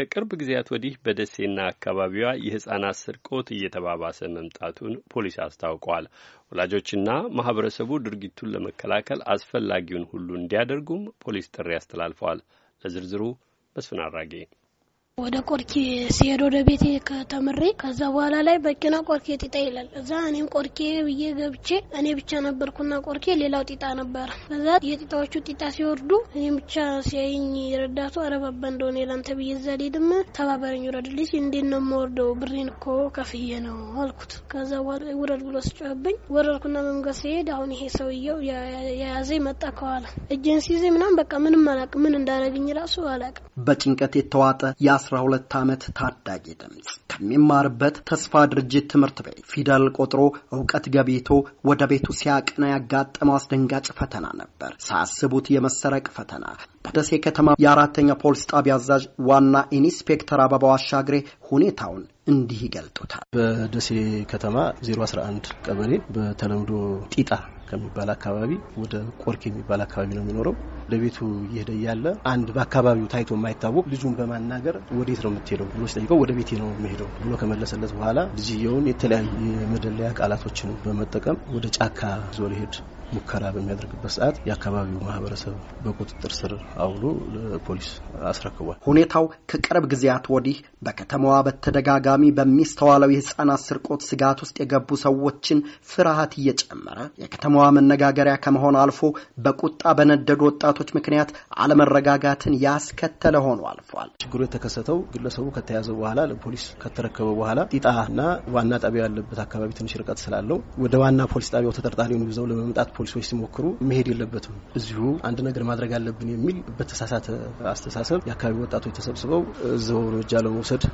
ከቅርብ ጊዜያት ወዲህ በደሴና አካባቢዋ የሕፃናት ስርቆት እየተባባሰ መምጣቱን ፖሊስ አስታውቋል። ወላጆችና ማህበረሰቡ ድርጊቱን ለመከላከል አስፈላጊውን ሁሉ እንዲያደርጉም ፖሊስ ጥሪ አስተላልፈዋል። ለዝርዝሩ መስፍን አራጌ ወደ ቆርኬ ሲሄድ ወደ ቤቴ ከተምሬ ከዛ በኋላ ላይ በኪና ቆርኬ ጢጣ ይላል። እዛ እኔም ቆርኬ ብዬ ገብቼ እኔ ብቻ ነበርኩና ቆርኬ፣ ሌላው ጢጣ ነበረ። ከዛ የጢጣዎቹ ጢጣ ሲወርዱ እኔም ብቻ ሲያይኝ ረዳቱ አረባባ እንደሆነ ላንተ ብዬ እዛ ሊድም ተባበረኝ ውረድ ልጅ እንዴት ነው የምወርደው ብሬን እኮ ከፍዬ ነው አልኩት። ከዛ ውረድ ብሎ ስጮህብኝ ወረድኩና መምገስ ሲሄድ አሁን ይሄ ሰውየው የያዘ መጣ ከኋላ እጄን ሲይዘ ምናም በቃ ምንም አላቅ ምን እንዳረግኝ ራሱ አላቅ በጭንቀት የተዋጠ የ ሁለት ዓመት ታዳጊ ድምፅ ከሚማርበት ተስፋ ድርጅት ትምህርት ቤት ፊደል ቆጥሮ እውቀት ገቢቶ ወደ ቤቱ ሲያቅና ያጋጠመው አስደንጋጭ ፈተና ነበር። ሳያስቡት የመሰረቅ ፈተና። በደሴ ከተማ የአራተኛ ፖሊስ ጣቢያ አዛዥ ዋና ኢንስፔክተር አበባው አሻግሬ ሁኔታውን እንዲህ ይገልጡታል። በደሴ ከተማ 011 ቀበሌ በተለምዶ ጢጣ ከሚባል አካባቢ ወደ ቆርክ የሚባል አካባቢ ነው የሚኖረው ለቤቱ እየሄደ እያለ አንድ በአካባቢው ታይቶ የማይታወቅ ልጁን በማናገር ወዴት ነው የምትሄደው ብሎ ሲጠይቀው ወደ ቤቴ ነው የምሄደው ብሎ ከመለሰለት በኋላ ልጅየውን የተለያዩ የመደለያ ቃላቶችን በመጠቀም ወደ ጫካ ዞ ሊሄድ ሙከራ በሚያደርግበት ሰዓት የአካባቢው ማህበረሰብ በቁጥጥር ስር አውሎ ለፖሊስ አስረክቧል። ሁኔታው ከቅርብ ጊዜያት ወዲህ በከተማዋ በተደጋጋሚ በሚስተዋለው የህፃናት ስርቆት ስጋት ውስጥ የገቡ ሰዎችን ፍርሃት እየጨመረ የከተማዋ መነጋገሪያ ከመሆን አልፎ በቁጣ በነደዱ ወጣቶች ጥቃቶች ምክንያት አለመረጋጋትን ያስከተለ ሆኖ አልፏል። ችግሩ የተከሰተው ግለሰቡ ከተያዘ በኋላ ለፖሊስ ከተረከበ በኋላ ጢጣና ዋና ጣቢያው ያለበት አካባቢ ትንሽ ርቀት ስላለው ወደ ዋና ፖሊስ ጣቢያው ተጠርጣሪውን ይዘው ለመምጣት ፖሊሶች ሲሞክሩ መሄድ የለበትም እዚሁ አንድ ነገር ማድረግ አለብን የሚል በተሳሳተ አስተሳሰብ የአካባቢ ወጣቶች ተሰብስበው እዛው እርምጃ ለመውሰድ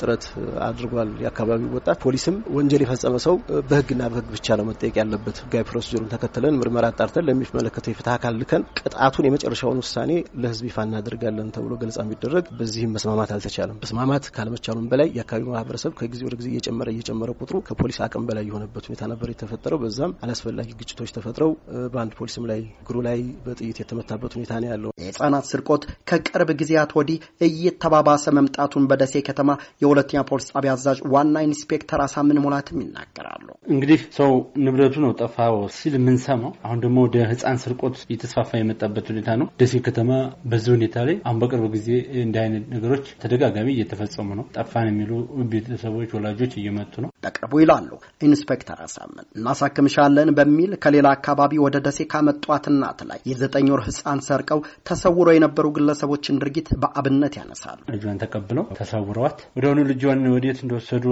ጥረት አድርጓል። የአካባቢው ወጣት ፖሊስም ወንጀል የፈጸመ ሰው በህግና በህግ ብቻ ነው መጠየቅ ያለበት ህጋዊ ፕሮሲጀሩን ተከትለን ምርመራ አጣርተን ለሚመለከተው የፍትህ አካል ልከን ቅጣቱን የመጨረሻውን ውሳኔ ለህዝብ ይፋ እናደርጋለን ተብሎ ገልጻ የሚደረግ በዚህም መስማማት አልተቻለም። መስማማት ካለመቻሉም በላይ የአካባቢው ማህበረሰብ ከጊዜ ወደ ጊዜ እየጨመረ እየጨመረ ቁጥሩ ከፖሊስ አቅም በላይ የሆነበት ሁኔታ ነበር የተፈጠረው። በዛም አላስፈላጊ ግጭቶች ተፈጥረው በአንድ ፖሊስም ላይ እግሩ ላይ በጥይት የተመታበት ሁኔታ ነው ያለው። የህጻናት ስርቆት ከቅርብ ጊዜያት ወዲህ እየተባባሰ መምጣቱን በደሴ ከተማ የሁለተኛ ፖሊስ ጣቢያ አዛዥ ዋና ኢንስፔክተር አሳምን ሙላትም ይናገራሉ። እንግዲህ ሰው ንብረቱ ነው ጠፋ ሲል የምንሰማው አሁን ደግሞ ወደ ህጻን ስርቆት እየተስፋፋ የመጣበት ሁኔታ ነው። ደሴ ከተማ በዚህ ሁኔታ ላይ አሁን በቅርብ ጊዜ እንዲህ አይነት ነገሮች ተደጋጋሚ እየተፈጸሙ ነው። ጠፋን የሚሉ ቤተሰቦች፣ ወላጆች እየመጡ ነው። በቅርቡ ይላሉ ኢንስፔክተር አሳምን። እናሳክምሻለን በሚል ከሌላ አካባቢ ወደ ደሴ ካመጧት እናት ላይ የዘጠኝ ወር ህፃን ሰርቀው ተሰውረው የነበሩ ግለሰቦችን ድርጊት በአብነት ያነሳሉ። ልጇን ተቀብለው ተሰውረዋት ወደሆኑ ልጇን ወዴት እንደወሰዱ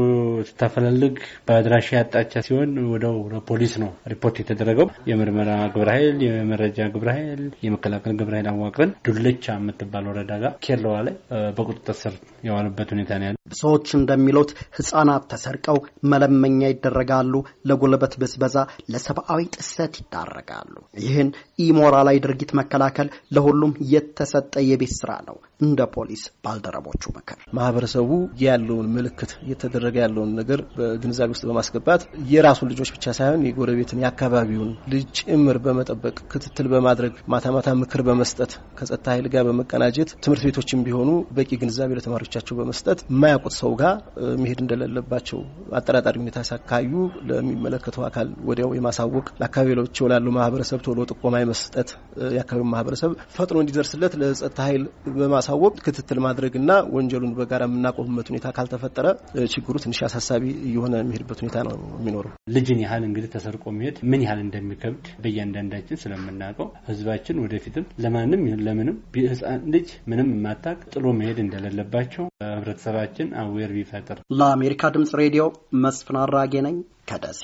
ስታፈላልግ በአድራሻ ያጣቻ ሲሆን ወደው ፖሊስ ነው ሪፖርት የተደረገው። የምርመራ ግብረ ኃይል፣ የመረጃ ግብረ ኃይል፣ የመከላከል ግብረ ኃይል አዋቅረን ዱለቻ የምትባል ወረዳ ጋር ኬለዋ ላይ በቁጥጥር ስር የዋሉበት ሁኔታ ነው ያለ ሰዎች እንደሚሉት ህጻናት ተሰርቀው መለመኛ ይደረጋሉ፣ ለጉልበት ብዝበዛ፣ ለሰብአዊ ጥሰት ይዳረጋሉ። ይህን ኢሞራላዊ ድርጊት መከላከል ለሁሉም የተሰጠ የቤት ስራ ነው። እንደ ፖሊስ ባልደረቦቹ ምክር ማህበረሰቡ ያለውን ምልክት እየተደረገ ያለውን ነገር በግንዛቤ ውስጥ በማስገባት የራሱን ልጆች ብቻ ሳይሆን የጎረቤትን የአካባቢውን ልጅ ጭምር በመጠበቅ ክትትል በማድረግ ማታ ማታ ምክር በመስጠት ከጸጥታ ኃይል ጋር በመቀናጀት ትምህርት ቤቶችም ቢሆኑ በቂ ግንዛቤ ለተማሪዎቻቸው በመስጠት ከማያውቁት ሰው ጋር መሄድ እንደሌለባቸው አጠራጣሪ ሁኔታ ሲያካዩ ለሚመለከተው አካል ወዲያው የማሳወቅ ለአካባቢዎች ላለው ማህበረሰብ ቶሎ ጥቆማ የመስጠት የአካባቢው ማህበረሰብ ፈጥኖ እንዲደርስለት ለጸጥታ ኃይል በማሳወቅ ክትትል ማድረግና ወንጀሉን በጋራ የምናቆምበት ሁኔታ ካልተፈጠረ ችግሩ ትንሽ አሳሳቢ እየሆነ የሚሄድበት ሁኔታ ነው የሚኖረው። ልጅን ያህል እንግዲህ ተሰርቆ መሄድ ምን ያህል እንደሚከብድ በእያንዳንዳችን ስለምናውቀው ህዝባችን ወደፊትም ለማንም ይሁን ለምንም ህፃን ልጅ ምንም የማታቅ ጥሎ መሄድ እንደሌለባቸው ህብረተሰባችን አዌር ቢፈጥር። ለአሜሪካ ድምጽ ሬዲዮ መስፍን አራጌ ነኝ ከደሴ